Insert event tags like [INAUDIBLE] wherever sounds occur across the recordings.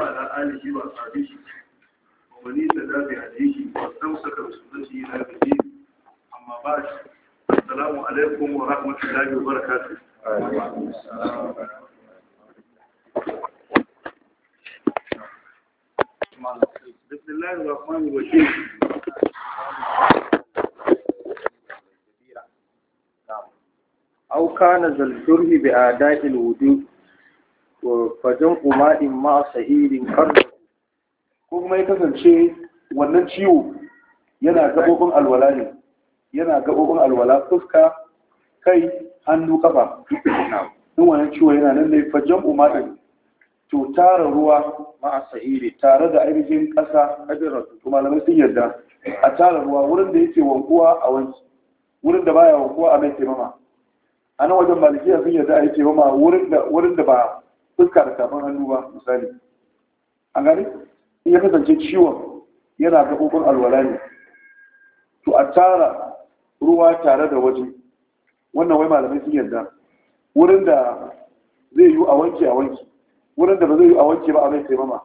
ba alihi ba a shi wani da na gaji amma ba shi fajan umarin ma sahirin karni ko kuma ya kasance wannan ciwo yana gaɓoɓin alwala ne yana gaɓoɓin alwala fuska kai hannu kafa in wannan ciwo yana nan ne fajan umarin to tara ruwa ma sahiri tare da ainihin ƙasa rasu kuma na sun yarda a tara ruwa wurin da yake wankuwa a wanki wurin da baya wankuwa a mai taimama a nan wajen malikiya sun yarda a yi taimama wurin da ba fuska da tafin hannu ba misali an gani? in ya kasance ciwon yana da kokon alwala ne to a tara ruwa tare da waje wannan wai malamai sun yarda wurin da zai yi a wanke a wanke wurin da ba zai yi a wanke ba a mai taimama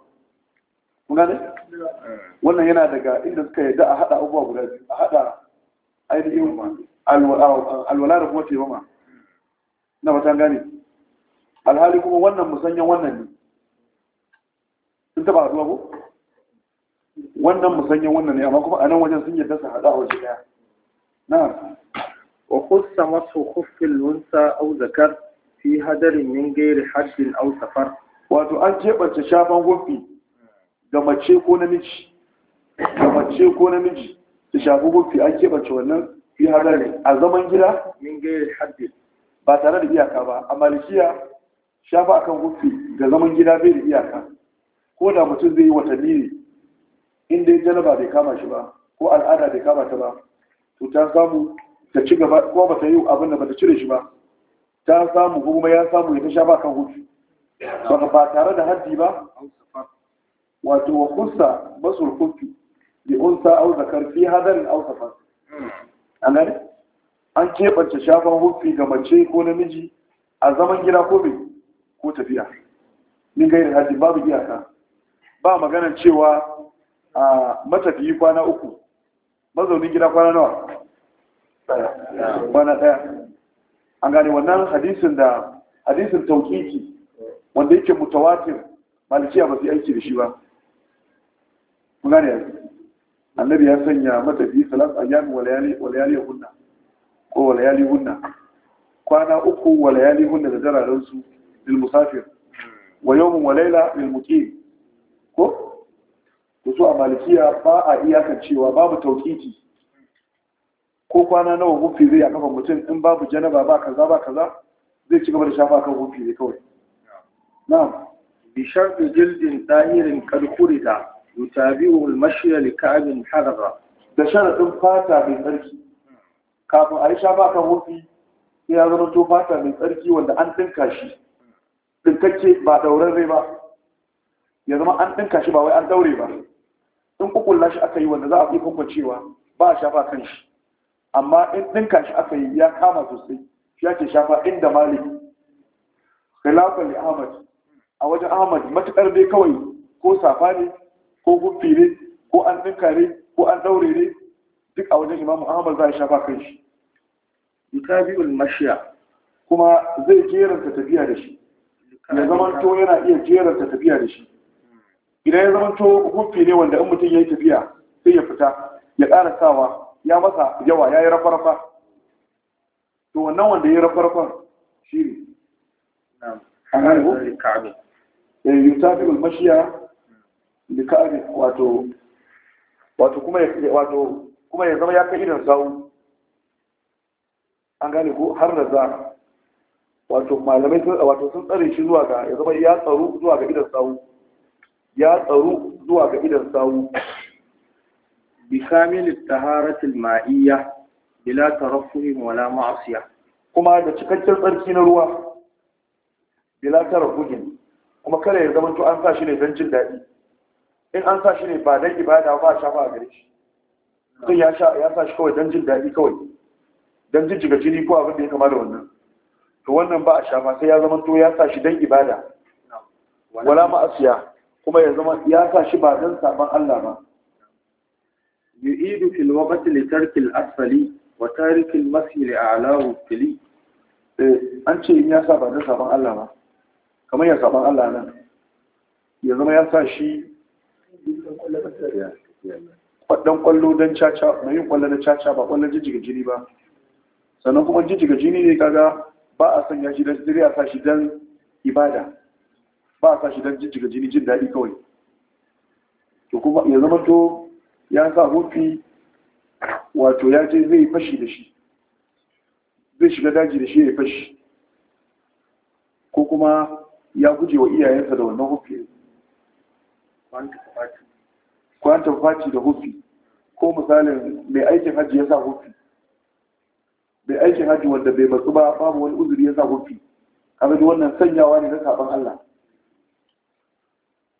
Kuna ne? wannan yana daga inda suka yarda a haɗa abubuwa guda biyu a haɗa ainihin alwala da kuma taimama na ba gane alhali kuma wannan musanyen wannan ne sun taba haɗuwa ko wannan musanyen wannan ne amma kuma a nan wajen sun yadda su haɗa a waje ɗaya na wa kusa masu kufin lunsa au zakar fi hadarin min gairi haddin au safar wato an keɓance shafan gumfi ga mace ko namiji ga mace ko namiji su shafi gumfi an keɓance wannan fi hadarin a zaman gida min gairi haddin ba tare da iyaka ba a malikiya shafa akan hutu ga zaman gida bai da iyaka ko da mutum zai yi watanni ne Inda dai janaba bai kama shi ba ko al'ada bai kama ta ba to ta samu ta ci gaba ko ba ta yi abin da ba ta cire shi ba ta samu kuma ya samu ya ta shafa akan hutu ba ba tare da haddi ba wato wa kusa basul kufi bi unsa aw zakar fi hadarin aw safar an an keɓance shafan hufi ga mace ko namiji a zaman gida ko bai ko tafiya min gairin hajji babu iyaka ba maganan cewa a matafiyi kwana uku mazaunin gida kwana nawa kwana daya an gane wannan hadisin da hadisin tauƙiƙi wanda yake mutawatir malikiya ba su aiki da shi ba mun gane yanzu annabi ya sanya matafiyi salat a wa layali hunna ko wa layali hunna kwana uku wa layali hunna da dararen su للمسافر ويوم وليلة للمقيم كو وسوء مالكية باء إياكا تشيوى باب توقيتي ko kwana nawa hufi zai a kafan mutum in babu janaba ba kaza ba kaza zai ci gaba da shafa kan hufi ne kawai na'am bi sharti jildin dahirin kalkurida yutabi'u al-mashya li ka'abin hadara da sharadin fata mai tsarki kafin a yi shafa sai ya zama to fata mai tsarki wanda an ɗinka shi ɗinkakke ba rai ba ya zama an ɗinka shi ba wai an daure ba in kukulla shi aka yi wanda za a fi kwankwacewa ba a shafa kan shi amma in ɗinka shi aka yi ya kama sosai shi ake shafa inda malik khilafan li ahmad a wajen ahmad matuƙar ne kawai ko safa ne ko gumfi ne ko an dinka ne ko an daure ne duk a wajen imamu ahmad za a shafa kan shi kuma zai jeranta tafiya da shi ya zamanto yana iya jeranta tafiya da shi idan ya zamanto hufi ne wanda in mutum ya yi tafiya sai ya fita ya ƙara sawa ya masa yawa ya yi rafa-rafa to wannan wanda ya yi rafa-rafa shi ne A yusafi ulmashiya da ka'abi wato wato kuma ya zama ya kai idan sawu an gane ko har da za wato malamai sun wato sun tsare shi zuwa ga ya zama ya tsaru zuwa ga idan sawu ya tsaru zuwa ga idan sawu bi kamil taharatil ma'iyya bila tarafuhin wala ma'asiya kuma da cikakken tsarki na ruwa bila tarafuhin kuma kada ya zama to an sa shi ne don jin daɗi in an sa shi ne ba dan ibada ba shafa a gare shi sai ya sa shi kawai don jin daɗi kawai don jijjiga jini ko abin da ya kama da wannan to wannan ba a shafa sai ya zama to ya sa shi dan ibada wala ma'asiya kuma ya zama ya sa shi ba don sabon Allah ba yu'idu fil waqti li tarki al asfali wa tarki al a a'lahu fili eh, an ce in ya sa ba don sabon Allah ba kamar ya sabon Allah nan ya zama ya sa shi dan ƙwallo don caca mai yin ƙwallo na caca ba ƙwallon jijjiga jini ba sannan kuma jijjiga jini ne kaga ba a sanya shi don jiri a sa shi don ibada ba a sa shi don jijjiga jini jin daɗi kawai to kuma ya zama to ya sa hufi wato ya ce zai fashi da shi zai shiga daji da shi ya fashi ko kuma ya guje wa iyayensa da wannan hufi kwanta fati da hufi ko misalin mai aikin hajji ya sa hufi bai aikin hajji wanda bai matsu ba babu wani uzuri ya sa hufi kaga duk wannan sanyawa ne na saban Allah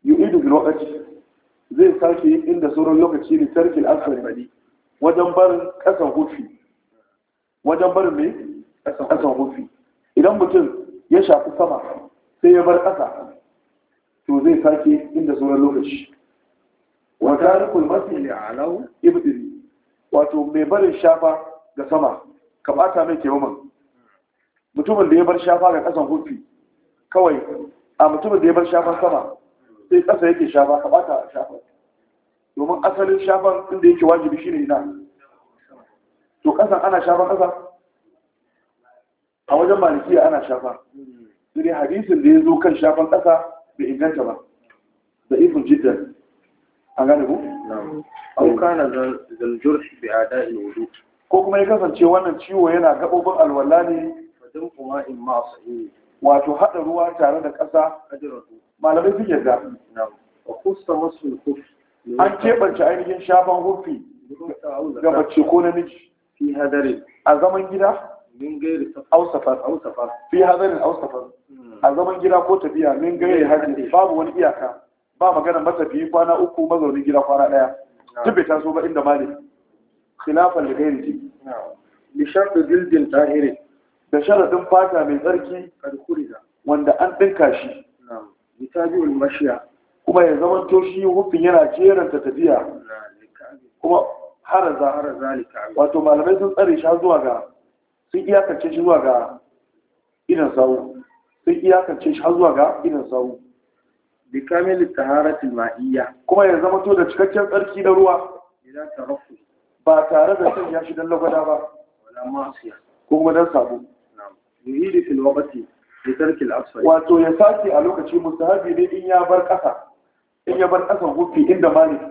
yu'idu bil waqti zai sake yin inda sauran lokaci ne tarkil asr bali wajen barin kasan hufi wajen barin me kasan hufi idan mutum ya shafi sama sai ya bar kasa to zai sake inda sauran lokaci wa tarikul masjid alau ibdili wato mai barin shafa ga sama ka bata mai taimaman mutumin da ya bar shafa ga kasan hufi kawai a mutumin da ya bar shafan sama sai kasa yake shafa ka bata shafa. domin asalin shafan inda yake wajibi shine ina to kasan ana shafan kasa a wajen malikiya ana shafa sai hadisin da ya zo kan shafan kasa bai inganta ba da ifin jiddan an gane ku? na aukana na zanjur bi ada in wudu ko kuma ya kasance wannan ciwo yana gaɓoɓin alwala ne wato haɗa ruwa tare da ƙasa malamai sun yarda an keɓance ainihin shafan hufi ga mace ko namiji a zaman gida fi hadarin ausafar hmm. a zaman gida ko tafiya min gairi hadari babu wani iyaka ba magana matafiyi kwana uku mazaunin gida kwana ɗaya tabbata so ba inda malik khilafan da gairi li shartu jildin tahiri da sharadin fata mai tsarki kadkurida wanda an ɗinka shi litabiul mashiya kuma ya zama to shi hufin yana jeran ta tafiya kuma haraza haraza wato malamai sun tsare shi zuwa ga sun iyakance shi zuwa ga idan sawu sun iyakance shi zuwa ga idan sawu bi kamil taharatil ma'iyya kuma ya zama to da cikakken tsarki na ruwa idan tarafu ba tare da shan yashi don lagwada ba ko kuma don sabo wato ya sake a lokaci mustahabi ne in ya bar kasa in ya bar kasan hufi inda malik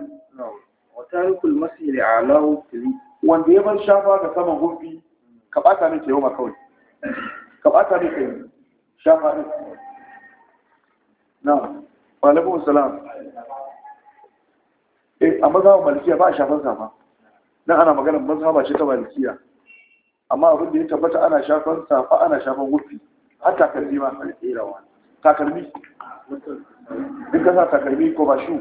wanda ya bar shafa ga saman hufi ka bata ne yau ma kawai ka bata ne yau shafa ne na'am wa alaikum salam eh amma ga malikiya ba a shafan safa nan ana maganar mazhaba ce ta malikiya amma abin da ya tabbata ana shafan safa ana shafan wufi har takalmi ma takalmi in ka sa takalmi ko ba shu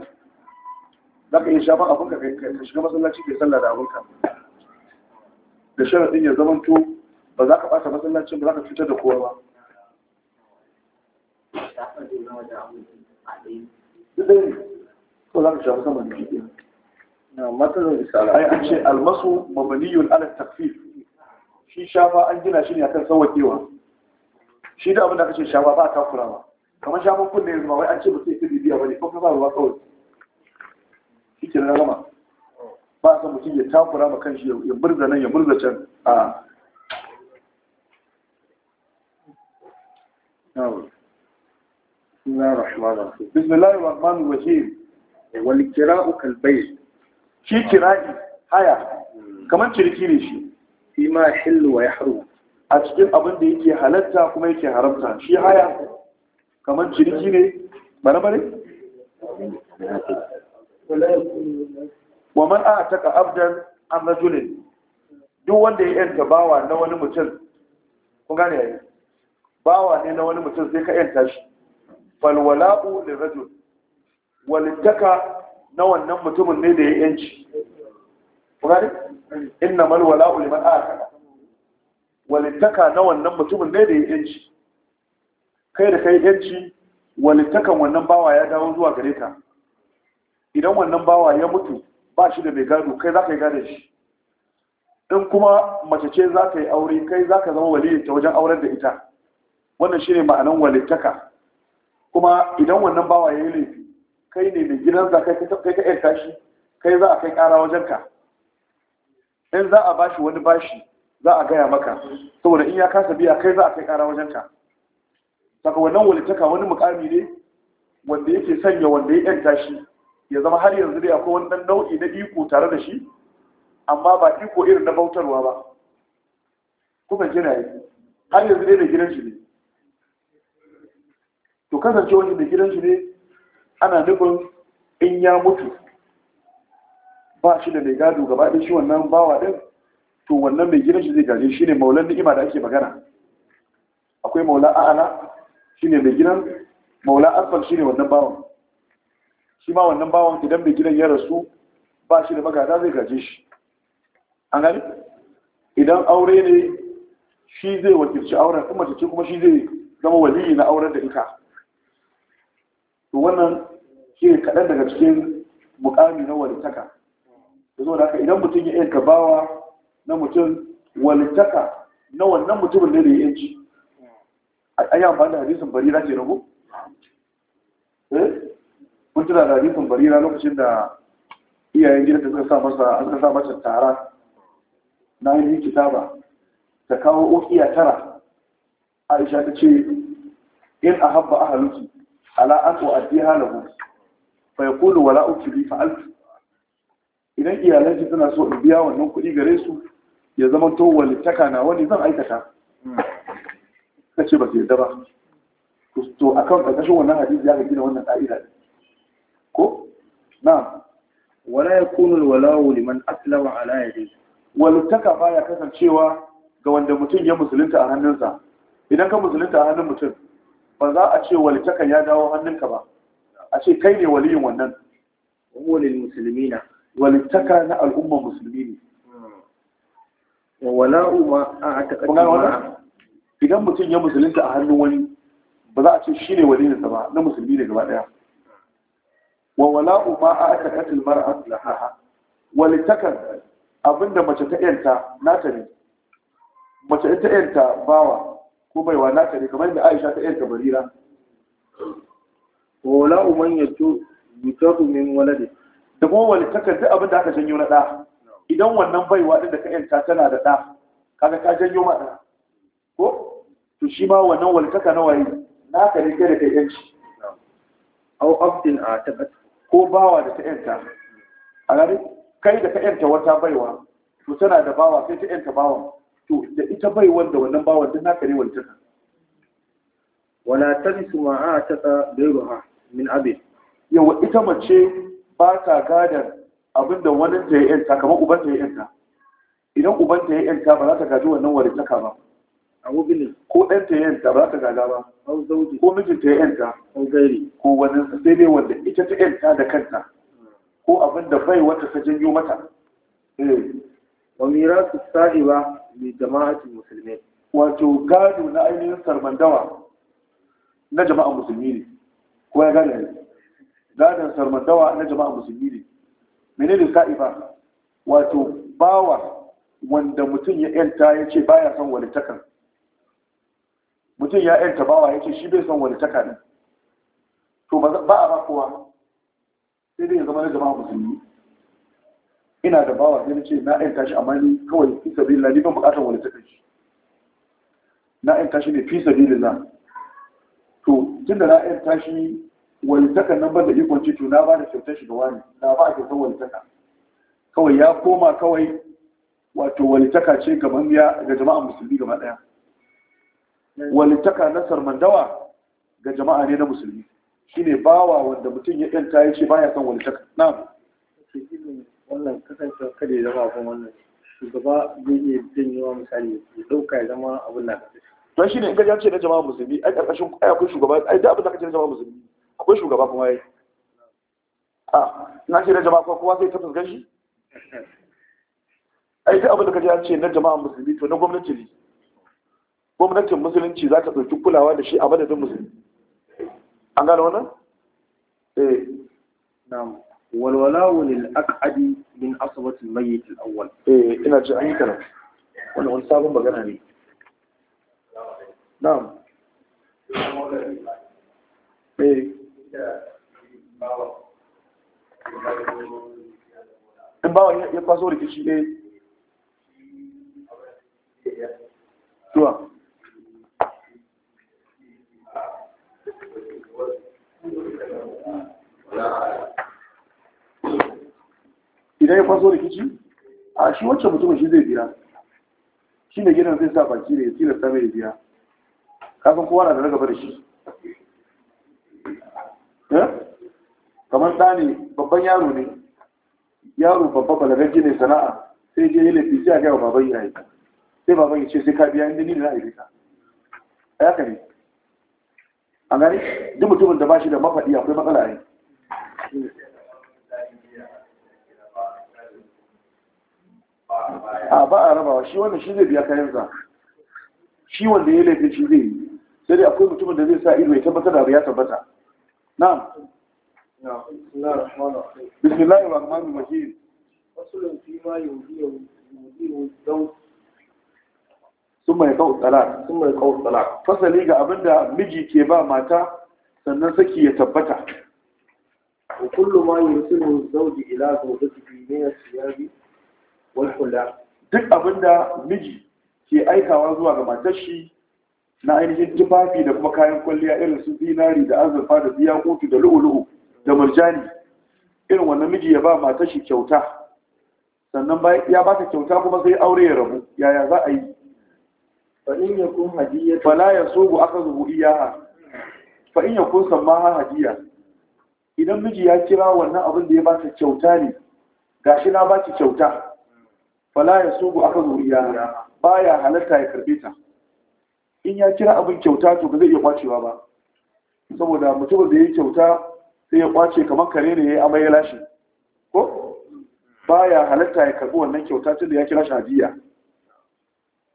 za ka iya shafan abinka ka shiga masallaci ke sallah da ka. da sharaɗin ya to ba za ka ɓata masallacin ba za ka fitar da kowa ba duk ɗaya ne ko za ka shafi sama da نعم أي أنشاء المصر مبني على التخفيف في شافة أنجنا شيني أتن سوى تيوها شيدا أبنى كشي شافة باع كفرانا كما شافة كل نيزم وي أنشاء بسيطة دي دي أولي كفر باع الوطول شي كنا لما باع سمو تيجي تافرا ما كانش يبرز أنا يبرز آه نعم. بسم الله الرحمن الرحيم بسم الله الرحمن الرحيم والاقتراء كالبيت shi kira'i haya kamar ciriki ne shi fi ma hillu wa yahru a cikin abin da yake halatta kuma yake haramta shi haya kamar ciriki ne bare-bare wa man a taka abdan an rajulin duk wanda ya yanta bawa na wani mutum kun gane yayi bawa ne na wani mutum sai ka yanta shi falwala'u lirajul walittaka na wannan mutumin ne da ya yanci ƙunari inna malwala uliman aka walittaka na wannan mutumin ne da ya yanci kai da kai yanci walittakan wannan bawa ya dawo zuwa gare ka idan wannan bawa ya mutu ba shi da mai gado kai za ka yi gada shi in kuma mace ce za ta yi aure kai za ka zama ta wajen auren da ita wannan shi ne ma'anan walittaka kuma idan wannan bawa ya yi laifi kai ne mai za kai ka yarta shi kai za a kai ƙara wajenka in za a bashi wani bashi za a gaya maka saboda in ya kasa biya kai za a kai ƙara wajenka saka wannan walitaka wani mukami ne wanda yake sanya wanda ya yarta shi ya zama har yanzu dai akwai wani nau'i na iko tare da shi amma ba iko irin na bautarwa ba kuma jina yi har yanzu dai da gidan shi ne to kasance wani da gidan shi ne ana nufin in ya mutu ba shi da mai gado gaba ɗin shi wannan bawa ɗin to wannan mai gidan shi zai gaje shi ne maulan ni'ima da ake magana akwai maula a'ala shi ne mai gidan maula asfal shi ne wannan bawan shi ma wannan bawan idan mai gidan ya rasu ba shi da magada zai gaje shi an gani idan aure ne shi zai wakilci auren kuma kuma shi zai zama waliyi na auren da ita to wannan shi ne kaɗan daga cikin mukami na walitaka da zo da haka idan mutum ya yanka bawa na mutum walitaka na wannan mutumin ne da ya yanci a yi amfani da hadisin barira ce rago? eh? kun tuna da hadisin barira lokacin da iyayen gidan ta suka sa masa an sa masa tara na yi kitaba ta kawo ukiya tara aisha ta ce in a habba ahaluki ala an wa addiha lahu fa yaqulu wala uktibi fa'altu idan iyalan shi suna so in biya wannan kuɗi gare su ya zama to taka na wani zan aikata kace ba sai da ba to akan ƙarƙashin wannan hadisi ya gina wannan ƙa'ida ko na'am wala yakunu alwala'u liman aslama ala taka walittaka baya kasancewa ga wanda mutum ya musulunta a hannunsa idan ka musulunta a hannun mutum ba za a ce taka ya dawo hannunka ba a ce kai ne waliyin wannan umulil musulmina walittaka na al'umman musulmi ne wala'u ma a taƙaddama idan mutum ya musulunta a hannun wani ba za a ce shi ne waliyinsa ba na musulmi ne gaba ɗaya wa wala'u ma a taƙaddama mar'a lahaha walittakar abinda mace ta yanta nata ne mace ta yanta bawa ko baiwa nata ne kamar da Aisha ta yanta barira wala umman yato yutahu min ne. da kuma wani takardu abin da aka janyo na ɗa idan wannan baiwa ɗin da ka yanta tana da ɗa kaga ka janyo ma ɗa ko to shi ma wannan waltaka na waye na ka ne kai da kai yanci au abdin a tabat ko bawa da ta a gani kai da ka yanta wata baiwa to tana da bawa sai ta yanta bawa to da ita bai da wannan bawan din ka ne waltaka wala tabisu ma a taqa bayruha min abin yawa ita mace ba ta gadar abinda wani ta yi yanta kamar uban ta yi yanta idan uban ta yi yanta ba za ta gaji wannan waritaka ba ko ɗan ta yi yanta ba za ta gada ba ko mijin ta yi yanta ko wani sai dai wanda ita ta yanta da kanta ko abinda bai wata ta janyo mata eh. wa mirasu ba mai jama'atin musulmi wato gado na ainihin sarmandawa na jama'an musulmi ne kowa ya gada ne gadon sarmandawa na jama'a musulmi ne mene ne ka'iba wato bawa wanda mutum ya yanta ya ce baya son walitakan mutum ya yanta bawa ya ce shi bai son walitaka ne to ba a ba kowa sai dai ya zama na jama'a musulmi ina da bawa sai na ce na yanta shi amma ni kawai fi sabilillah ni ban bukatar walitakan shi na yanta shi ne fi sabilillah to tun da na yanta shi walittakan nan banda ikon ce na ba da kyautar shi da wani na ba a kyautar walitaka kawai ya koma kawai wato walitaka ce gaban ya ga jama'a musulmi gaba daya walitaka na sarmandawa ga jama'a ne na musulmi shine bawa wanda mutum ya yanta ya ce baya son walitaka na wannan kasancewa kada ya zama abin wannan shugaba zai iya janyewa misali ya dauka ya zama abin na kasashe don shi ne in gajiyar ce na jama'a musulmi ai ƙarƙashin ai akwai shugaba ai da abin da ce na jama'a musulmi akwai shugaba kuma yi a na ce na jama'a kuma kowa sai ta fuskan shi ai da abin da kaje ce na jama'a musulmi to na gwamnati ne gwamnatin musulunci za ta ɗauki kulawa da shi a madadin musulmi an gane wannan eh Na walwala wani aqadi min asabati al-mayyit al-awwal eh ina ce an yi kana wannan wani sabon magana ne na'am eh. in bawa ya kwaso rikici ne zuwa idan ya kwaso rikici a shi wacce mutumin shi zai biya shi ne gidan zai sa baki ne ya tilar tsara biya kafin kowa na da gaba da shi eh? kamar ɗa ne babban yaro ne yaro babban balagagge ne sana'a sai je yi laifi sai a gaya wa baban ya sai baban ya ce sai ka biya inda ni na aika a yaka ne a gani duk mutumin da ba shi da mafaɗi akwai matsala ne a ba a rabawa shi wannan shi zai biya kayansa shi wanda ya laifin shi zai yi sai dai akwai mutumin da zai sa ido ya tabbatar da abu ya tabbata Na bismillahir na rahim wasulun fi ma yudiyu yudiyu daw summa yaqaw sun mai yaqaw talaq fasali ga abinda miji ke ba mata sannan saki ya tabbata wa kullu ma yursilu zawji ila zawjatihi min as-siyabi wal duk abinda miji ke aikawa zuwa ga matar shi na ainihin tufafi da kuma kayan kwalliya irin su zinari da azurfa da biya kotu da lu'ulu'u da murjani irin wannan miji ya ba mata shi kyauta sannan ya ba ta kyauta kuma sai aure ya rabu yaya za a yi fa'in ya kun hadiyya fala ya sogo aka zubu iyaha fa'in ya kun ha hadiyya idan miji ya kira wannan abin da ya ba ta kyauta ne gashi na ba ki kyauta fala ya sogo aka zubu iyaha ya halatta ya karbe ta in ya kira abin kyauta to ba zai iya kwacewa ba saboda mutum da ya yi kyauta sai ya kwace kamar kare ne ya amai ya lashe ko ba ya halatta ya karbi wannan kyauta tun da ya kira shi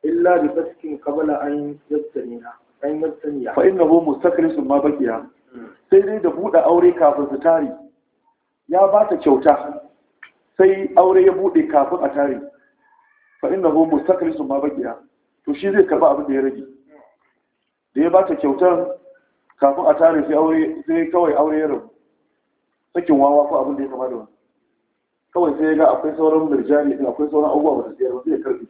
illa da taskin kabala an yi yabtaniya an yabtaniya fa innahu sun ma bakiya sai dai da buɗe aure kafin su tare ya ba ta kyauta sai aure ya buɗe kafin a tare fa innahu sun ma bakiya to shi zai karba abin da ya rage sai ya ba ta kyautar kafin a tare sai aure sai kawai aure ya rabu sakin wawa ko abin da ya kama da wani kawai sai ya ga akwai sauran birjani din akwai sauran abubuwa ba su tsayar ba sai ya karbe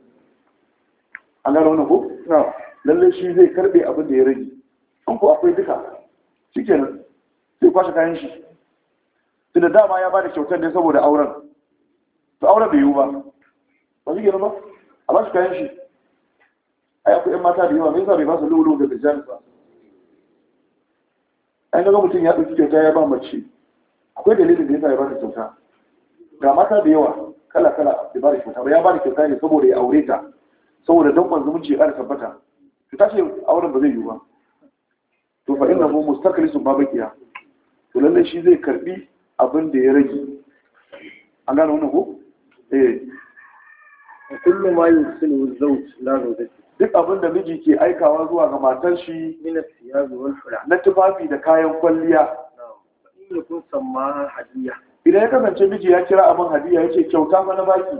an gano wannan ko na lalle shi zai karbe abin da ya rage an ko akwai duka cikin sai kwashe kayan shi da dama ya ba da kyautar ne saboda auren to auren bai yiwu ba ba nan ba a ba shi kayan shi ai akwai yan mata da yawa me yasa ba su lulu da bijan ba ai ga mutum ya ɗauki kyauta ya ba mace akwai dalilin da yasa ya ba su kyauta ga mata da yawa kala kala bai ba da kyauta ba ya ba da kyauta ne saboda ya aure ta saboda danƙon mun ya ƙara tabbata to ta ce auren ba zai yiwu ba to fa mu hu sun ba bakiya to lallai shi zai karbi abin da ya rage an gane wannan ko eh kullu ma yusilu zau la zawjati duk abin da miji ke aikawa zuwa ga matar shi na tufafi da kayan kwalliya na kun samma hadiya idan ya kasance miji ya kira abin hadiya yace kyauta mana baki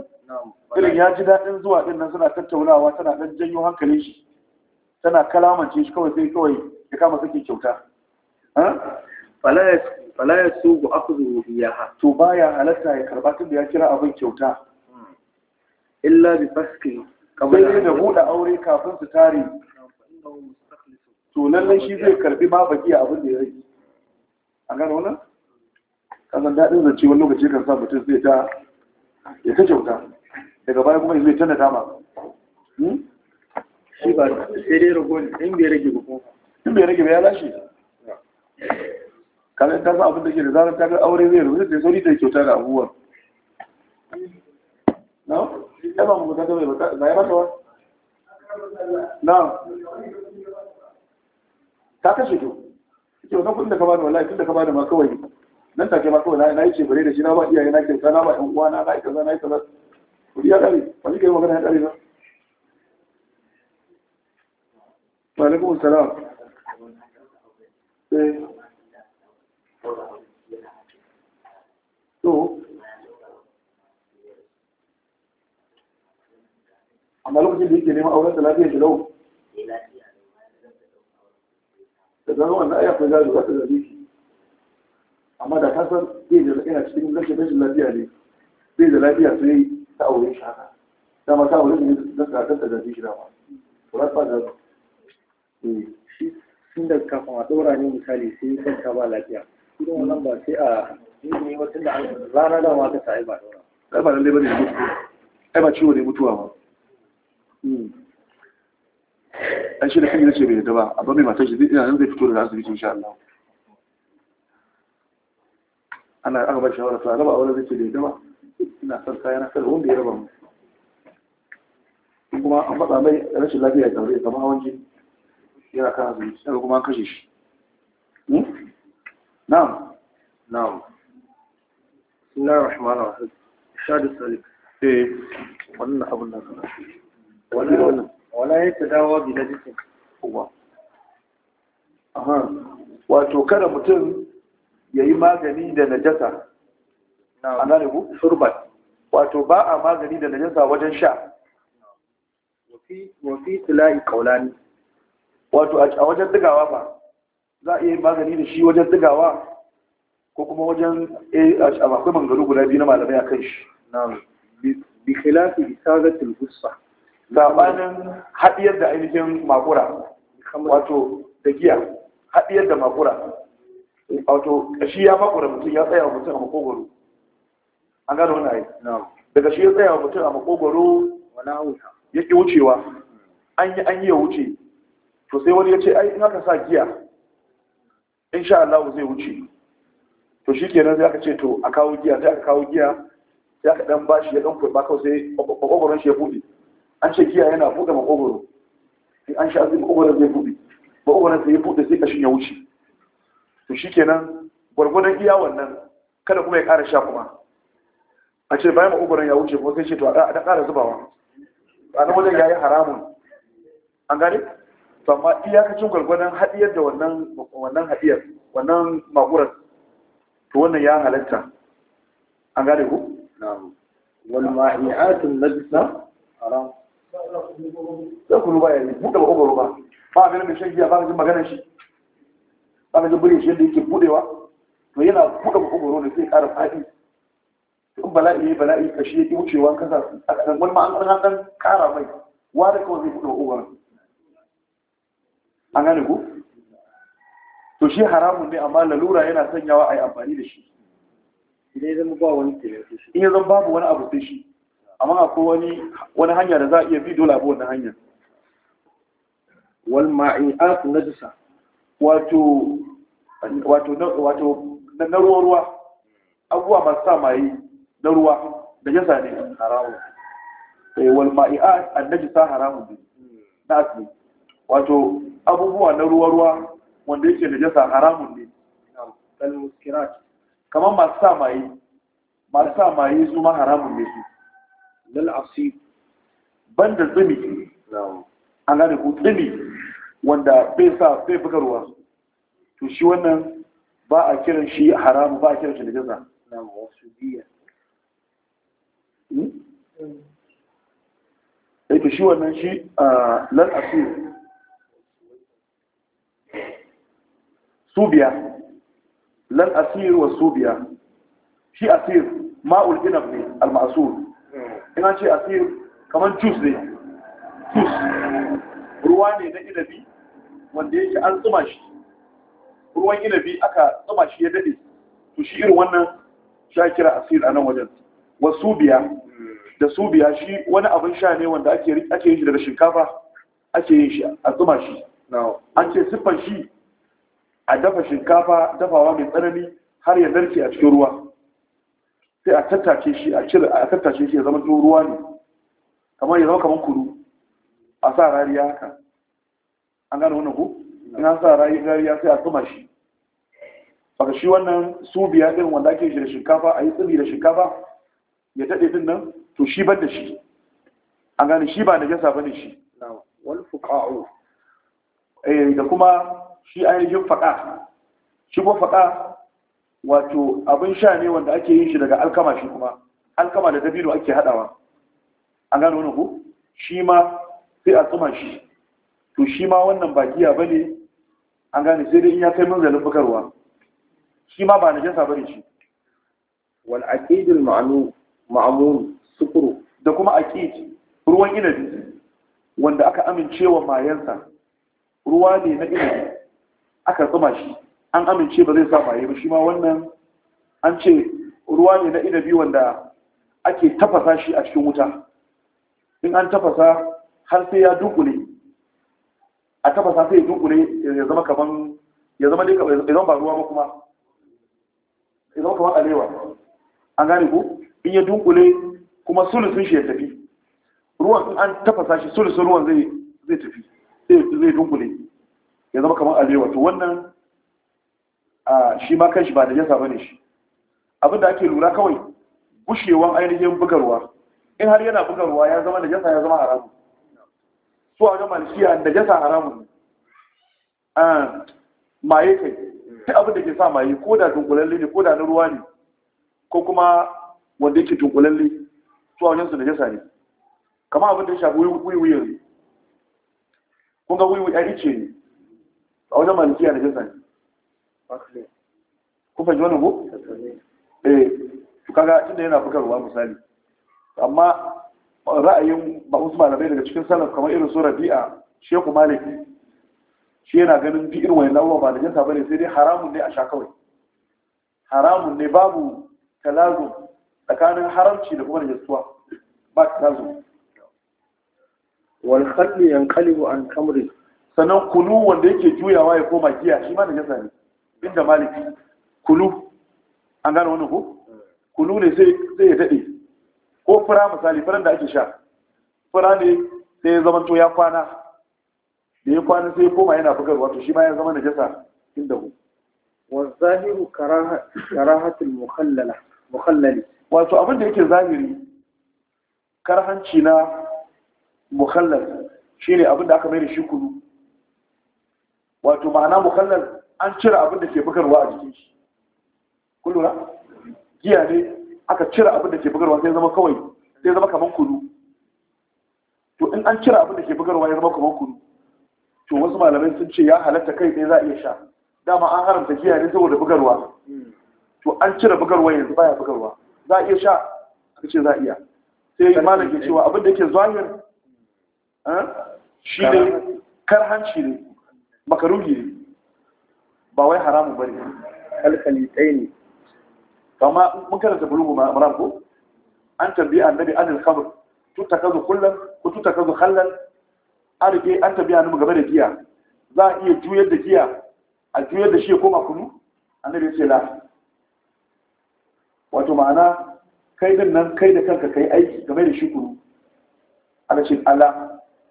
irin ya ji daɗin zuwa din nan suna tattaunawa tana dan janyo hankalin shi tana kalamance shi kawai sai kawai ya kama suke kyauta fala ya sugu akhudhu biyaha to baya halatta ya karba da ya kira abin kyauta illa bi faski kamar da buɗe aure kafin su tare to lallai shi zai karbi ma baki abin da ya yi a gano wannan kasan daɗin zance wani lokaci kan sa mutum zai ta ya ta kyauta daga baya kuma zai ta dama hmm? shi ba sai dai ragon in bai rage ba in bai rage ba ya lashe kaga ta sa abin da ke da zarar ta ga aure zai rubuta da sauri da kyauta da abubuwa na'am ya ba wa ka ka ka nan take ma kawai na yi ce bare da shi na ba iyaye na kyauta na ba yan uwa na na yi kaza na yi kaza kudi ya ɗari? wani kai magana ya ɗari ba wa alaikum eh. to amma lokacin da yake neman auren da lafiya shi lau eh, da zama wannan ayya ko zaru wata zabe shi amma da ka san zai da yana cikin rashin rashin lafiya ne zai da lafiya sai ta aure shi haka dama ta aure ne da ka kanta da shi dama to za ta zaru eh, shi tun da kafin a ɗora ne misali sai kan ta ba lafiya idan wannan ba sai a ne wata da rana da ma ta sa'i ba ɗora ai ba lallai ba ne mutuwa ai ba ciwo ne mutuwa ba an shi da kan yace bai yadda ba a mai matar shi ina nan zai fito daga asibiti insha Allah ana aka bar shawara ta raba aure zai ce bai yadda ba ina son kaya na sarwa wanda ya raba mu kuma an faɗa mai rashin lafiya ya taure kamar hawan jini yana kan asibiti sai kuma an kashe shi na'am na'am بسم الله الرحمن الرحيم الشهادة الثالثة ايه قلنا أبو الله wala bi na wato kada mutum ya yi magani da najasa a na rubu shurbat wato ba a magani da najasa wajen sha wafi tila'i kaulani wato a wajen digawa ba za a iya magani da shi wajen digawa ko kuma wajen eh, a akwai mangaru guda biyu na malamai a kan shi bi khilafi isagatul gusa sabanin haɗiyar da ainihin makura wato da giya haɗiyar da makura wato ƙashi ya makura mutum ya tsaya wa mutum a makogoro an gano wani ayi daga shi ya tsaya wa mutum a makogoro ya ƙi wucewa an yi an yi ya wuce to sai wani ya ce ai in aka sa giya sha Allah zai wuce to shi kenan sai aka ce to a kawo giya sai aka kawo giya sai aka dan bashi ya dan kurba kawai sai kwakwaron shi ya buɗe an ce kiyaye yana buɗe maƙogoro sai an sha zai makogoro zai buɗe maƙogoro sai ya buɗe sai kashin ya wuce to nan, gwargwadon iya wannan kada kuma ya ƙara sha kuma a ce bayan maƙogoron ya wuce kuma sai ce to a da ƙara zubawa a nan wajen ya yi haramun an gane to amma iyakacin gwargwadon haɗiyar da wannan wannan haɗiyar wannan makurar to wannan ya halatta an gane ku na'am wal ma'i'atun najisa haram sai yi buɗe ba to yana buɗe ne sai ƙara faɗi in bala'i ne bala'i shi yake wucewa a kasan wani an ɗan ƙara mai wa kawai zai buɗe an gane ku to shi haramun ne amma lalura yana sanyawa a yi amfani da shi idan ba wani in ya babu wani abu sai shi amma akwai wani wani hanya da za a iya bi dole abu wannan hanya wal ma'i'at najisa wato wato wato na ruwa ruwa abuwa masu sa mai na ruwa da jasa ne haramun sai eh, wal ma'i'at an najisa haramun ne na asali wato abubuwa na ruwa ruwa wanda yake da jasa haramun ne al kamar masu sa mai masu sa mai su ma haramun ne su lal asib banda zumi an gane ko zumi wanda bai sa bai bugarwa to shi wannan ba kiran shi haramu ba a kiran shi najasa hmm? eh to shi wannan shi lal asib subiya lal asir wa shi ma'ul inab ne al ina ce asir kamar jus ne jus ruwa ne na inabi wanda yake an tsuma shi ruwan inabi aka tsuma shi ya dade to shi irin wannan sha kira asir a nan wajen wasu biya da su biya shi wani abin sha ne wanda ake yin shi daga shinkafa ake yin shi a tsuma shi an ce siffan shi a dafa shinkafa dafawa mai tsanani har ya narke a cikin ruwa sai a tattace shi a cire a tattace shi ya zama to ruwa ne kamar ya zama kamar kuru a sa rariya haka an gane wannan ku in an sa rariya sai a tsuma shi baka shi wannan su biya ɗin wanda ake shi da shinkafa a yi tsibi da shinkafa ya taɗe tun nan to shi ban da shi an gane shi ba jasa ba ne shi wal fuqa'u eh, da kuma shi ainihin faqa shi ko faɗa wato abin sha ne wanda ake yin shi daga alkama shi kuma alkama da dabino ake haɗawa an gano wani ku shi ma sai a tsuma shi to shi ma wannan ba giya ba ne an gane sai dai in ya kai manzalin bukarwa shi ma ba na jinsa ba ne shi wal aqidul ma'amun sukuru da kuma aqid ruwan inabi wanda aka amincewa mayansa ruwa ne na inabi aka tsuma shi an amince ba zai sa maye ba shi ma wannan an ce ruwa ne na inabi wanda ake tafasa shi a cikin wuta in an tafasa har sai ya dunkule a tafasa sai ya dunkule ya zama kaman ya zama dai ya zama ba ruwa ba kuma ya zama kaman alewa an gane ku in ya dunkule kuma sulusun shi ya tafi ruwan in an tafasa shi sulusun ruwan zai zai tafi zai dunkule ya zama kaman alewa to wannan shi ma kanshi ba da jasa bane shi abinda ake lura kawai gushewan ainihin bugarwa in har yana bugarwa ya zama da jasa ya zama haramu su a gama shiya da jasa haramun maye kai ta abin da ke sa maye ko da dunkulalle ne ko da na ruwa ne ko kuma wanda yake dunkulalle su a wajensu da jasa ne kama abin da ya shafi wiwiye kun ga wuyi-wuyi wiwi a ice ne a wajen malikiya da jasa ne ku fahimci wani ko eh to kaga tunda yana ruwa, misali amma ra'ayin ba wasu malamai daga cikin salaf kamar irin su a shehu maliki shi yana ganin fi irin wani lauwa ba da jinsa bane sai dai haramun ne a sha kawai haramun ne babu talazo tsakanin haramci da kuma da jasuwa ba talazu wal khalli yanqalibu an kamri sanan kunu wanda yake juyawa ya koma giya shi ma da jinsa ne da maliki kulu an gano wani ku? kulu ne sai ya daɗe ko fura misali furan da ake sha fura ne sai ya zamanto ya kwana da ya kwana sai koma yana fukar wato shi ma ya zama na najasa inda hu zahiru كراهة المخللة مخلل wato abin da yake zahiri karhanci na shi ne abin da aka mai da shi kulu wato ma'ana mukhallal an cire abin da ke bugarwa a jikin shi kun lura giya ne aka cire abin da ke bugarwa sai zama kawai sai zama kamar kudu. to in an cire abin da ke bugarwa ya zama kamar kudu, to wasu malamai sun ce ya halatta kai ne za a iya sha dama an haramta giya ne saboda bugarwa to an cire bugarwa yanzu baya bugarwa za a iya sha aka ce za a iya sai malam ke cewa abin da ke zuwa eh, shi ne karhanci ne makaruhi ne ba wai haramun bari? kalkali ɗaya ne kama mun karanta bulugu maram ko an tambayi annabi anil khamr tutakazu kullan ko tutakazu khallan an rike an tambayi annabi game da giya za a iya juyar da giya a juyar da shi ya koma kunu annabi ya ce la wato ma'ana kai din nan kai da kanka kai aiki game da shi kunu ana ce ala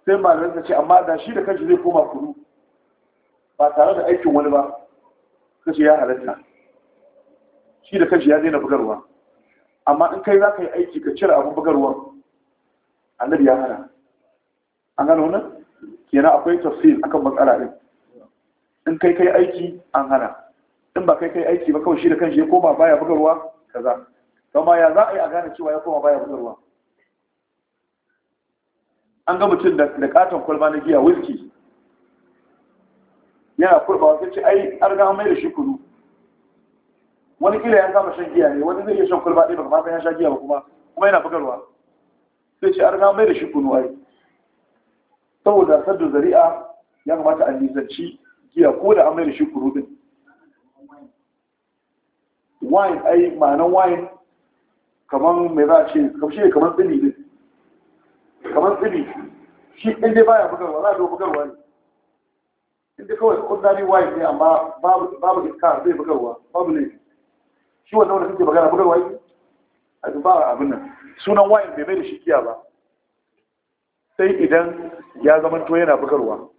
sai malamai ta ce amma da shi da kanshi zai koma kunu ba tare da aikin wani ba Kashi ya halatta shi da kashi ya daina bugarwa amma in kai za ka yi aiki ka cire abin bugarwa annabi ya hana an gano nan kenan akwai tafsir akan matsala din in kai kai aiki an hana in ba kai kai aiki ba kawai shi da kanshi ya koma baya bugarwa kaza kama ya za a yi a gane cewa ya koma baya bugarwa an ga mutum da katon kwalba na giya whisky yana kurba wata ce ai an ga mai da shi kunu wani kila ya saba shan giya ne wani zai iya shan kurba ɗaya ba kamar ya sha giya ba kuma kuma yana bugarwa sai ce an ga mai da shi kunu ai saboda saddu zari'a ya kamata a nisanci giya ko da an mai da shi kunu din wine ai ma'anan wine kamar mai za a ce ne kamar tsini din kamar tsini shi ɗin dai baya bugarwa za a zo bugarwa ne inda kawai ordinary wife ne amma babu babu iska zai bugarwa babu laifi shi wannan wanda kake magana bugarwa yi, a ba abin nan sunan wife bai mai da shi kiya ba sai idan ya to yana bugarwa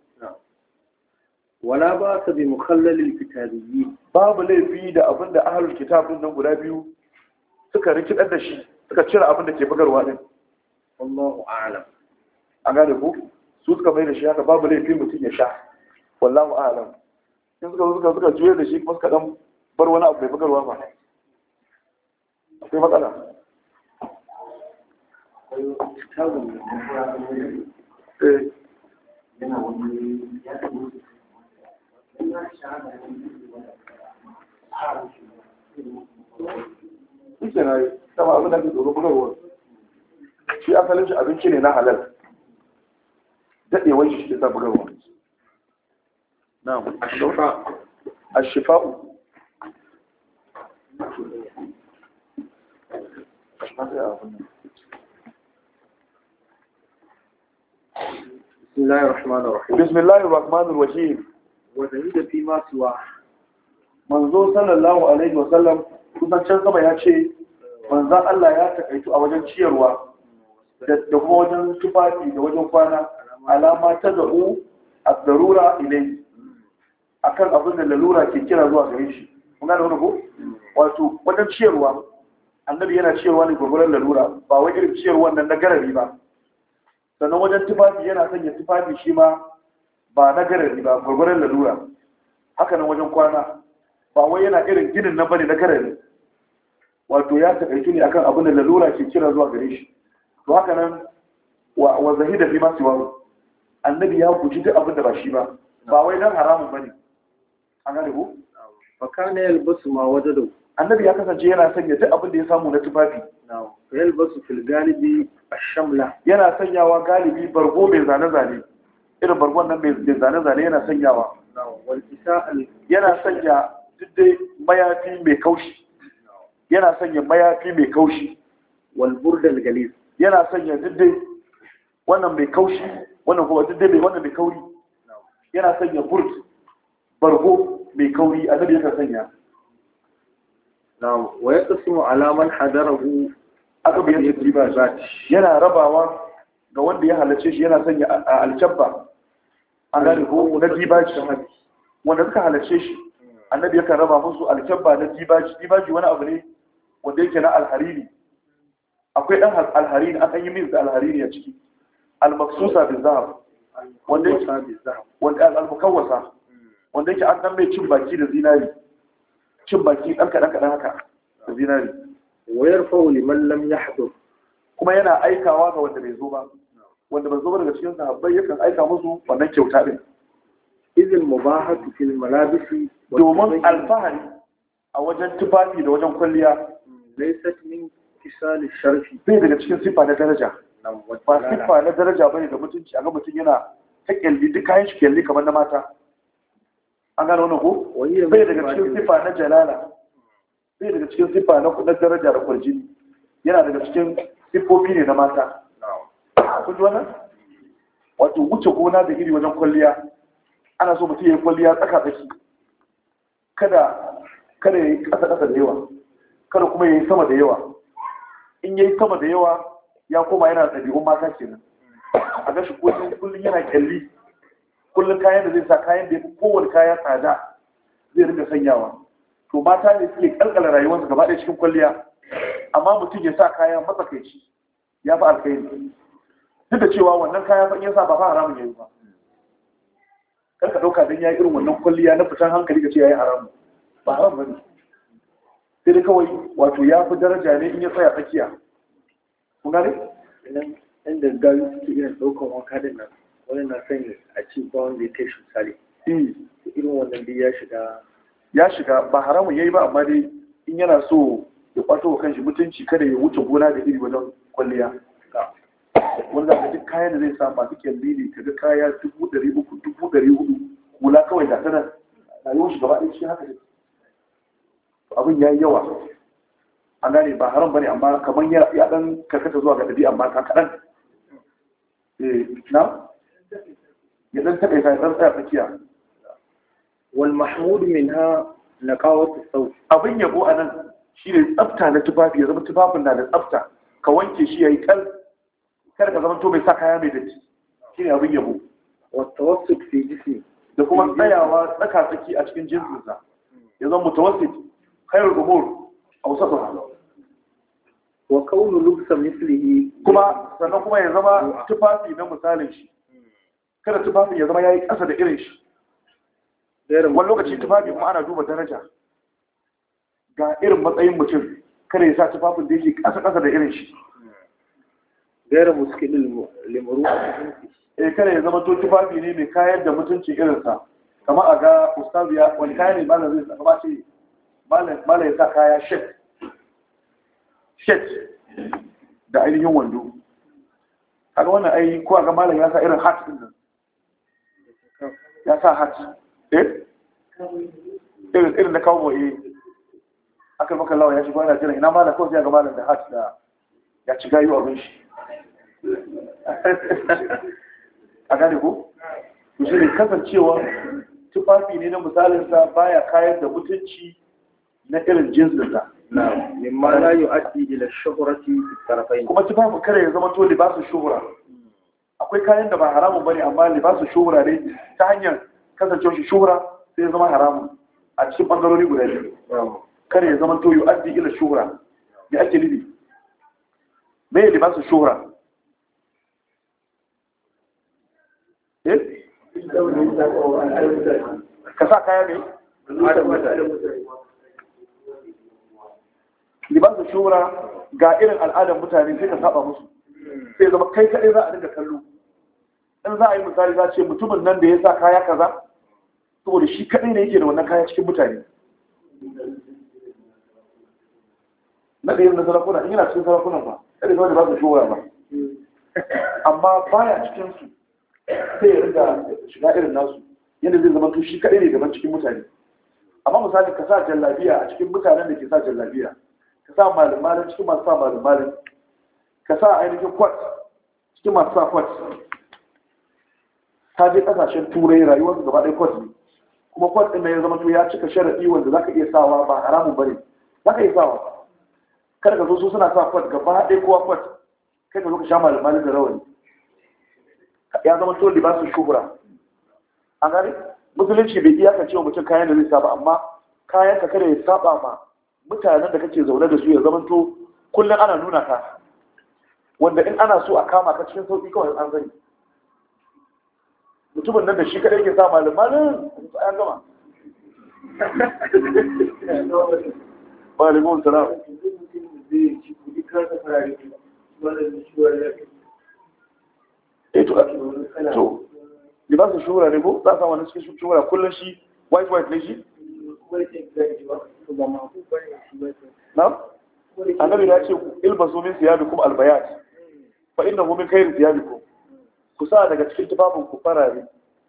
wala ba ta bi mukhallalil kitabiyyi babu laifi da abin da ahlul kitabun nan guda biyu suka rikidar da shi suka cire abin da ke bugarwa din wallahu a'lam an gane ku su suka mai da shi haka babu laifi mutum ya sha wallahu a'lam in suka suka suka juye da shi kuma suka dan bar wani abu mai bugarwa ba akwai matsala eh. Ike na yi, sama abin da ke tsoro bugarwa. Shi asalin shi abinci ne na halal. Daɗewar shi shi ke sa bugarwa. نعم الشفاء الشفاء بسم الله الرحمن الرحيم بسم sallallahu alaihi wasallam kusan can sama ya ce manzan Allah ya takaitu a wajen ciyarwa da wajen tufafi da wajen kwana alama ta za'u a darura ilai akan abin da lalura ke kira zuwa gare shi mun gane wani ko wato wajen ciyarwa annabi yana ciyarwa ne gwagwaran lalura ba wai irin ciyarwa nan na garari ba sannan wajen tufafi yana sanya tufafi shi ma ba na garari ba gwagwaran lalura haka nan wajen kwana ba wai yana irin ginin nan bane na garabi wato ya takaitu ne akan abin da lalura ke kira zuwa gare shi to haka nan wa zahida fi ma waru annabi ya guji duk abin da ba shi ba ba wai dan haramun bane an gane ku fa kana yalbasu ma waje wajadu annabi ya kasance yana sanya duk abin da ya samu na tufafi na'am yalbasu fil galibi ash-shamla yana sanyawa galibi bargo mai zane zane irin bargon nan mai zane zane yana sanyawa wal isa'al yana sanya duk mayafi mai kaushi yana sanya mayafi mai kaushi wal burdal galis yana sanya duk wannan mai kaushi wannan kuma duk mai wannan mai kauri yana sanya burd bargo mai kauri annabi yakan sanya na'am wa yaqsimu hadararru man hadarahu aka ya tiba zati yana rabawa ga wanda ya halarce shi yana sanya alcabba an gane ko na dibaji wanda suka halarce shi annabi yakan raba musu alcabba na dibaji dibaji wani abu ne wanda yake na alharini. akwai dan alharini, an yi min da alharini a ciki almaksusa bi zahab wanda ya wanda al-mukawwasa wanda yake an dan mai cin baki da zinari cin baki dan kaɗan kaɗan haka da zinari wayar fauli man lam yahdur kuma yana aikawa ga wanda bai zo ba wanda bai zo ba daga cikin sahabbai yakan aika musu wannan kyauta din izil mubahatu fil malabisi domin alfahari a wajen tufafi da wajen kwalliya laysat min kisali sharfi bai daga cikin sifa na daraja ba sifa na daraja bane da mutunci a ga mutum yana ta kyalli duk kayan shi kyalli kamar na mata an gano wani ko bai daga cikin sifa na jalala bai daga cikin sifa na daraja da kwarjini yana daga cikin siffofi ne na mata kun ji wannan wato wuce gona da iri wajen kwalliya ana so mutum ya yi kwalliya tsaka tsaki kada kada ya yi ƙasa ƙasa da yawa kada kuma ya yi sama da yawa in ya yi sama da yawa ya koma yana ɗabi'un mata kenan a gashi kullum yana kyalli kullum kayan da zai sa kayan da ya fi kowane kaya tsada zai rinka sanyawa to mata ne suke kalkala rayuwarsa gaba ɗaya cikin kwalliya amma mutum ya sa kayan matsakaici ya fi alkhairi duk da cewa wannan kaya fa in sa ba fa haramun yayi ba kar ka ɗauka don ya yi irin wannan kwalliya na fitan hankali ka ce ya yi haramu ba haram ba ne sai dai kawai wato ya fi daraja ne in ya tsaya tsakiya kun ne inda gari suke irin ɗaukan wanka din nan wani na son a ci ba wanda ya kai shi misali hmm. irin wannan biyu ya shiga ya shiga ba haramun ya yi ba amma dai in yana so ya kwato wa kanshi mutunci kada ya wuce gona da iri wajen kwalliya wanda ga duk kayan da zai sa masu kyalli ne ga kaya dubu dari uku dubu dari hudu kula kawai da tana rayuwar shi gaba ɗaya shi haka abin ya yi yawa an gane ba haram bane amma kamar ya dan karkata zuwa ga ɗabi'a amma ka kaɗan eh, na ya dan taɓe ka dan tsaya tsakiya wal mahmud na naqawat ta sawt abin yabo a nan shi ne tsafta na tufafi ya zama tufafin na da tsafta ka wanke shi ya yi kal kada ka zama to mai sa kaya mai datti shine abin yabo wa fi jismi da kuma tsayawa tsaka tsaki a cikin jinsinsa ya zama mutawassit khairul umur awsatuha wa kaunu lubsa mislihi kuma sannan kuma ya zama tufafi na misalin shi kada tufafin ya zama ya yi ƙasa da irin shi wani lokaci tufafi kuma ana duba daraja ga irin matsayin mutum kada ya sa tufafin da yake ƙasa-ƙasa da irin shi gairar muskilin cikin eh kada ya zama to tufafi ne mai kayan da irin irinsa kama a ga ustazu ya wani kayan ne malam zai saka ce malam ya sa kaya shet shek da ainihin wando kaga wannan ai ko a ga malam ya sa irin hat din nan ya sa hajji eh irin da kawo eh. yi aka maka lawa ya shigo ana jiran ina da kawai ya ga malam da hajji da ya ci gayu abin shi [LAUGHS] a gane ko to shi ne kasancewa tufafi ne na misalinsa baya kayar da mutunci na irin jinsinsa mimma la yu'addi ila shuhrati tarafai kuma tufafi kare ya zama to su shuhura akwai kayan da ba haramun bane amma su shura ne ta hanyar kasancewar shi shura sai zama haramun a cikin bangarori guda biyu kada ya zama a cikin ila shura. me ake nufi me su shura? Eh? ka sa kaya ne su shura ga irin al'adar mutane sai ka saba musu sai zama kai kaɗai za a dinga kallo in za a yi misali za ce mutumin nan da ya sa kaya kaza saboda shi kaɗai ne yake da wannan kaya cikin mutane na ɗaya na sarakuna in yana cikin sarakuna ba ɗaya da ba su shora ba amma baya cikin su sai ya riga shiga irin nasu yadda zai zama tushi shi kaɗai ne gaban cikin mutane amma misali ka sa jallabiya a cikin mutanen da ke sa jallabiya ka sa malin malin cikin masu sa malin malin ka sa ainihin kwat cikin masu sa kwat ka je kasashen turai rayuwar su gaba ɗaya kwas ne kuma kwas ɗin ya zama to ya cika sharaɗi wanda zaka iya sawa ba haramun bane zaka iya sawa kar ka zo su suna sa kwas gaba ɗaya kowa kwas kai ka zo ka sha malamalin da rawani ya zama to libasin shubura a gani musulunci bai iyakance wa mutum kayan da zai saba amma kayan ka kada ya saba ma mutanen da kake zaune da su ya zama to kullum ana nuna ka wanda in ana so a kama ka cikin sauƙi kawai an zai mutumin nan da shi kadai ke sa malin malin an gama malamin salam eto eh, to ni ba su shura ne ko za ka wani cikin shura kullum shi white white ne shi na annabi ya ce ilbasu min kuma albayat fa innahu min khairin siyabikum ku sa daga cikin tufafin ku farare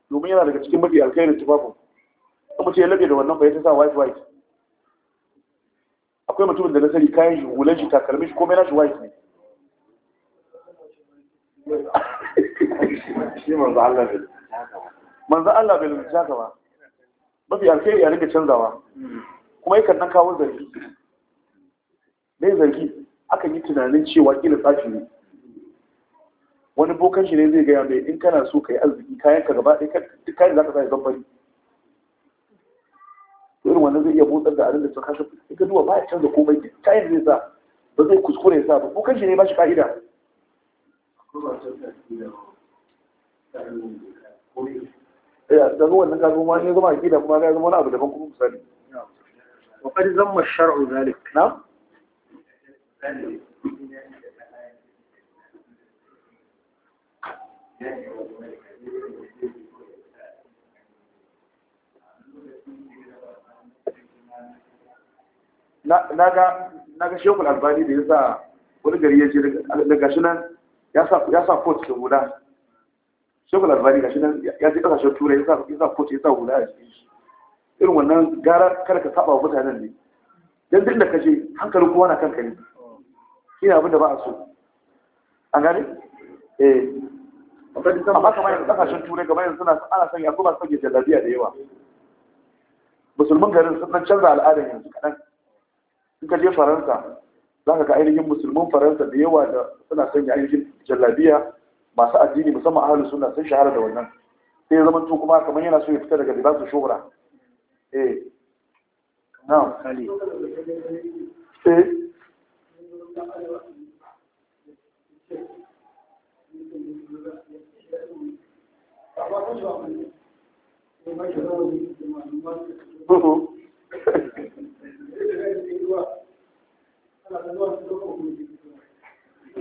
domin yana daga cikin mafi alkairin tufafin in mutum ya labe da wannan bayan ta sa white white akwai mutumin da na sani kayan shi hulan shi takalmin shi komai nashi white ne shi manzo Allah bai lura haka ba mafi alkairi ya rinka canzawa kuma yakan nan kawo zargi ne zargi akan yi tunanin cewa kila tsafi ne wani bokan shi ne zai gaya mai in kana so ka yi arziki kayan ka gaba ɗaya duk kayan za ka sa ya zan bari irin wannan zai iya motsar da abin da sun kashe in ka duba ba ya canza komai duk kayan zai sa ba zai kuskure ya sa ba bokan shi ne ba shi ka'ida eh, daga wannan kasu ma ne zama a akida kuma ya zama wani abu daban kuma misali wa qad zamma shar'u zalik na na ga shekul albani da ya sa wani gari ya ce daga shi nan ya sa kot da guda, shekul albani ga nan ya ce kasashen turai ya sa kot ya sa hula a cikin shi irin wannan gara kada ka saba wa mutanen ne don duk da kashe hankali kowa na kanka ne shi ne abin da ba a so an gani eh amma kamar yanzu kasashen turai kamar yanzu suna ana son su ba su sanya jallabiya da yawa musulmin garin sun dan canza al'adar yanzu kaɗan in ka je faransa za ka ga ainihin musulmin faransa da yawa da suna sanya ainihin jallabiya masu addini musamman ahalus suna sun shahara da wannan sai ya zama to kuma kamar yana so ya fita daga libasu shuhura eh na'am kali eh اي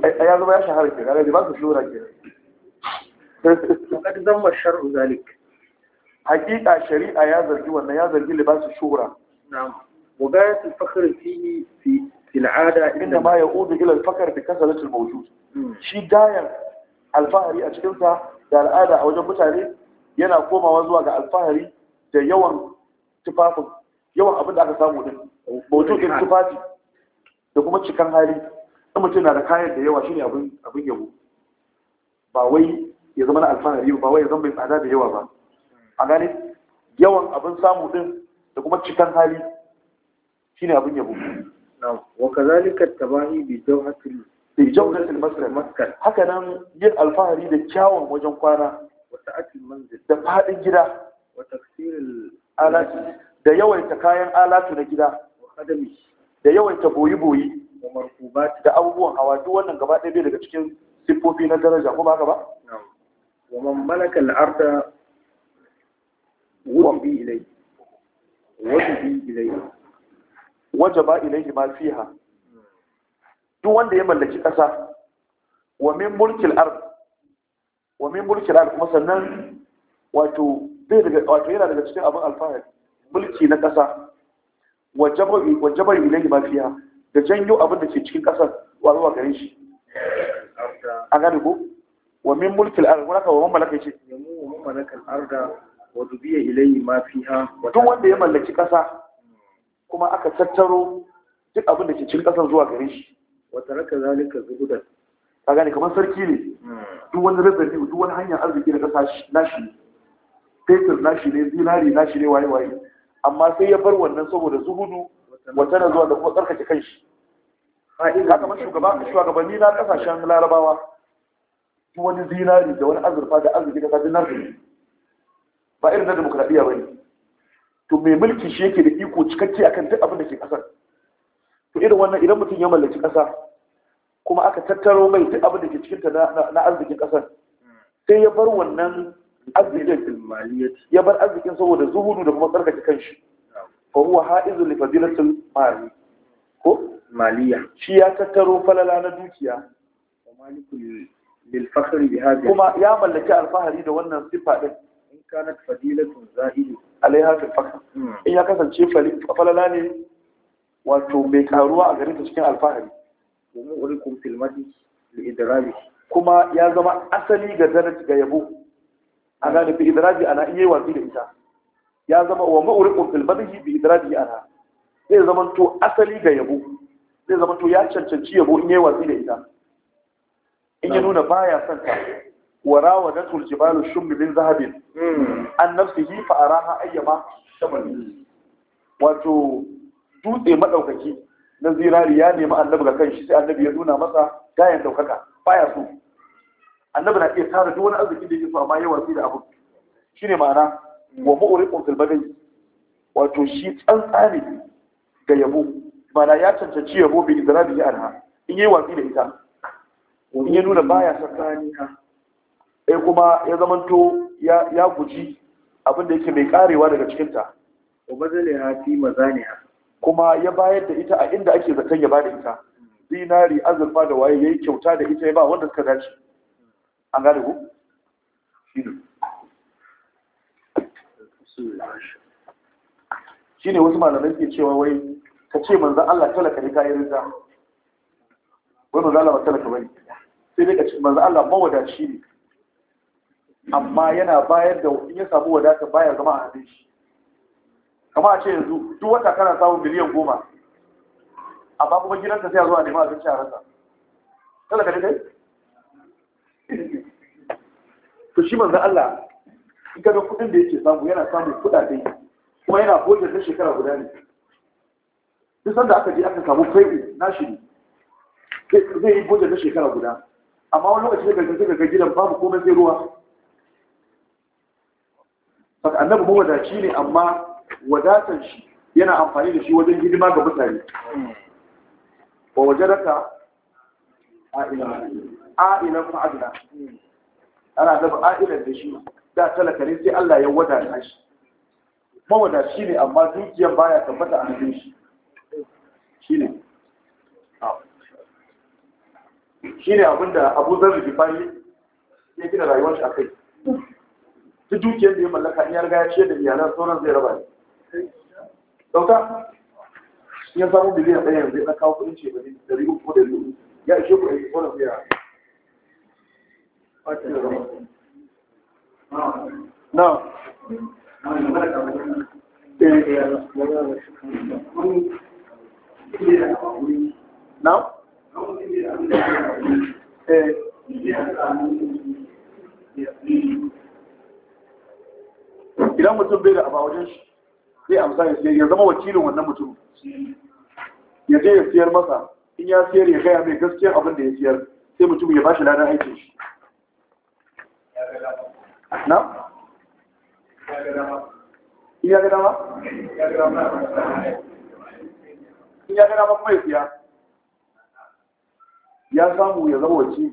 زلمه يا شهر انا دي بس شهور كده وقد ذم الشرع ذلك حقيقه شريعه يا زلمه wannan ya zargi libasu shura na'am وغايه الفخر فيه في في العاده انما يعود الى الفخر بكثره الموجود شي داير الفخر a cikin da al'ada a wajen mutane yana komawa zuwa ga alfahari da yawan tufafin yawan abin da aka samu din mautukin tufafi da kuma cikan hali in mutum na da kayan da yawa shine abin abin yabo ba wai ya zama na alfahari ba wai ya zama mai tsada da yawa ba a gane yawan abin samu din da kuma cikan hali shine abin yabo na wa kazalika tabahi bi dawhatil bi jawdatil maskan haka nan yin alfahari da kyawun wajen kwana wata da fadin gida wa taksiril da yawaita kayan alatu na gida wa da yawaita boyi boyi wa markubat da abubuwan hawa duk wannan gaba ɗaya daga cikin siffofi na daraja ko ba haka ba wa ilai duk wanda ya mallaki ƙasa wa min mulkil ard wa min mulkil ard kuma sannan wato bai daga wato yana daga cikin abin alfahari mulki na ƙasa wa jabari wa jabari ilayhi ma fiha da janyo abin da ke cikin ƙasar wa zuwa gare shi a gane ko wa min mulkil ard kuma ka wa man malaka ce yamu wa man malaka al wa dubiya ilayhi ma fiha duk wanda ya mallaki ƙasa kuma aka tattaro duk abin da ke cikin ƙasar zuwa gare shi wata raka zalika zuhudan ka gane kamar sarki ne hmm. duk wani rabbi duk wani hanyar arziki na kasa nashi fetur nashi ne zinari nashi ne waye waye amma sai ya bar wannan saboda zuhudu wata na zuwa da kuma tsarkake kanshi ka kamar shugabanni na kasashen larabawa duk wani zinari da wani azurfa da arziki na da kadin nasu ba irin na demokradiyya ba ne to mai mulki shi yake da iko cikakke akan duk abin da ke kasar to irin wannan idan mutum ya mallaki ƙasa kuma aka tattaro mai duk abin da ke cikinta na arzikin ƙasar sai ya bar wannan arzikin ya bar arzikin saboda zuhudu da kuma tsarkake kanshi fa huwa ha'izun li fadilatul mali ko maliya shi ya tattaro falala na dukiya kuma ya mallaki alfahari da wannan sifa din in kanat fadilatun zahiri alaiha fi fakr hmm. in ya kasance falala ne wato bai karuwa a garin ta cikin alfahari wa mu'rikum fil madi li idrabi kuma ya zama asali ga daraja ga yabo ana da bi idrabi ana iya watsi da ita ya zama wa mu'rikum fil madi bi idrabi ana zai zama to asali ga yabo zai zama to ya cancanci yabo in yayi watsi da ita in ya nuna baya son ta وراودته الجبال الشم من ذهب عن نفسه فأراها ayyama شمل hmm. wato dutse maɗaukaki na zirari ya nemi annabi ga kanshi sai annabi ya nuna masa gayan ɗaukaka baya so annabi na iya tara duk wani arziki da yake so amma yawa fi da abu ne ma'ana wa mu'riqun fil badai wato shi tsantsani ga yabo mana ya cancanci yabo bi izrabi ya arha in yi watsi da ita in ya nuna baya tsakani ha eh, sai kuma ya zamanto ya ya guji abin da yake mai karewa daga cikin ta wa bazaliha hafi mazaniya kuma ya bayar da ita a inda ake zaton ya bada ita zinari azurfa da waye yayi kyauta da ita ya ba wanda suka dace an gane ku shine wasu malamai ke cewa wai ka ce manzo Allah talaka ne kayan rinda wai manzo Allah ba talaka bane sai dai ka ce manzo Allah mawadaci ne amma yana bayar da in ya samu wadata baya zama a hannun shi kama a ce yanzu duk wata kana samun miliyan goma amma kuma gidanka sai a zuwa nema abinci a rasa kada ka dai to shi manzan Allah in ga kudin da yake samu yana samun kudade kuma yana goje ta shekara guda ne duk sanda aka je aka samu kai na shi ne zai yi goje ta shekara guda amma wani lokaci da gaggasa ga gidan babu komai sai ruwa saka annabi mawadaci ne amma wadatar shi yana amfani da shi wajen hidima ga mutane wa wajaraka a'ilan fa'adna ana zaba a'ilan da shi da talaka ne sai Allah ya wadata shi Mawadashi ne amma dukiyar baya tabbata a hannun shi shine shine abinda Abu Zar Gifari ya gina rayuwar shi akai duk dukiyar da ya mallaka in ya riga ya ce da iyalan sauran zai raba ne dauka ya samu biliyan ɗaya yanzu na kawo kudin ce bane da uku ko da uku ya ishe ku aiki ko na fiya na na eh idan mutum bai da abawajen shi sai amsa ya siyar ya zama wakilin wannan mutum ya je ya siyar masa in ya siyar ya gaya mai gaskiyar abin da ya siyar sai mutum ya ba shi ladar aikin shi na? ya ga dama? in ya ga dama kuma ya siya ya samu ya zama wakili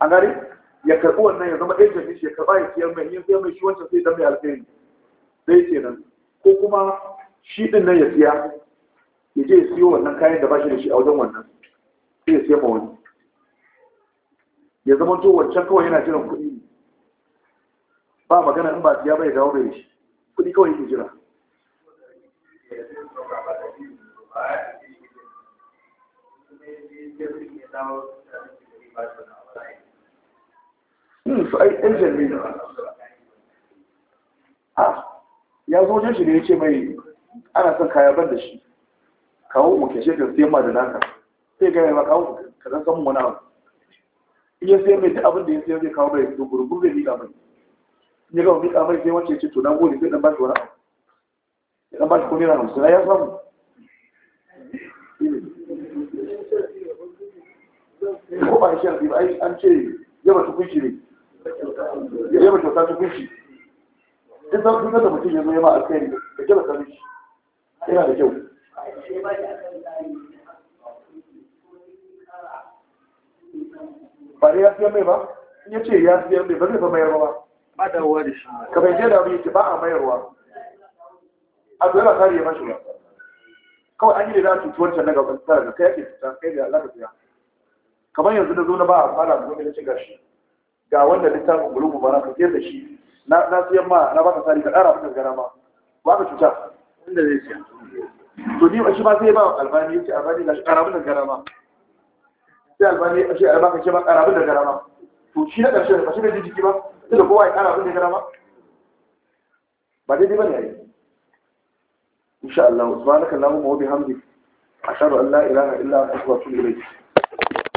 a gari ya karɓi wannan ya zama ɗaya jami'i ya karɓa ya siyar mai yin sai mai shi wancan sai dan mai alfahari ce nan ko kuma shi din nan ya siya ya je ya siyo wannan kayan da ba shi da shi a wajen wannan sai ya siya ma wani ya zama to wancan kawai yana jiran kuɗi ba magana in ba siya bai dawo bai shi kuɗi kawai yake jira hmm, su ai ɗan jami'a ya zo wajen shi ne ya ce mai ana son kaya ban da shi kawo mu ke ka sai ma da naka sai gaya ba kawo ka san samun wani abu in ya sai mai duk abin da ya sai zai kawo mai to gurgur zai miƙa mai in ya gama miƙa mai sai wacce ce to na gode sai dan ba shi wani abu ya dan ba shi ko naira hamsin ya samu ko ba shi an ce yaba tukunci ne yaba kyauta tukunci duk da duk da mutum ya zo ya ma alkhairi da jaba sami shi yana da kyau ba ya siyar mai ba ya ce ya siyar mai ba zai ba mayarwa ba dawowa da shi ka bai je da mu yake ba a mayarwa a zo yana kare mashi ba kawai an yi da za a can na gaban tsara da kai ake cuta kai da za ka tsaya kamar yanzu na zo na ba a fara da wani na ci gashi ga wanda littafin gulubu ba na ka siyar da shi na siyan ma na baka sari ka ƙara maka gara ma ba ka cuta inda zai siya to ni shi ma sai ba albani yace albani shi ƙara maka gara ma sai albani shi albani shi ma ƙara maka gara ma to shi na ƙarshe ba shi bai jiki ba sai da kowa ya ƙara maka gara ma ba daidai ba ne yi. insha Allah subhanaka allahumma wa bihamdika ashhadu an la ilaha illa anta astaghfiruka wa atubu ilayk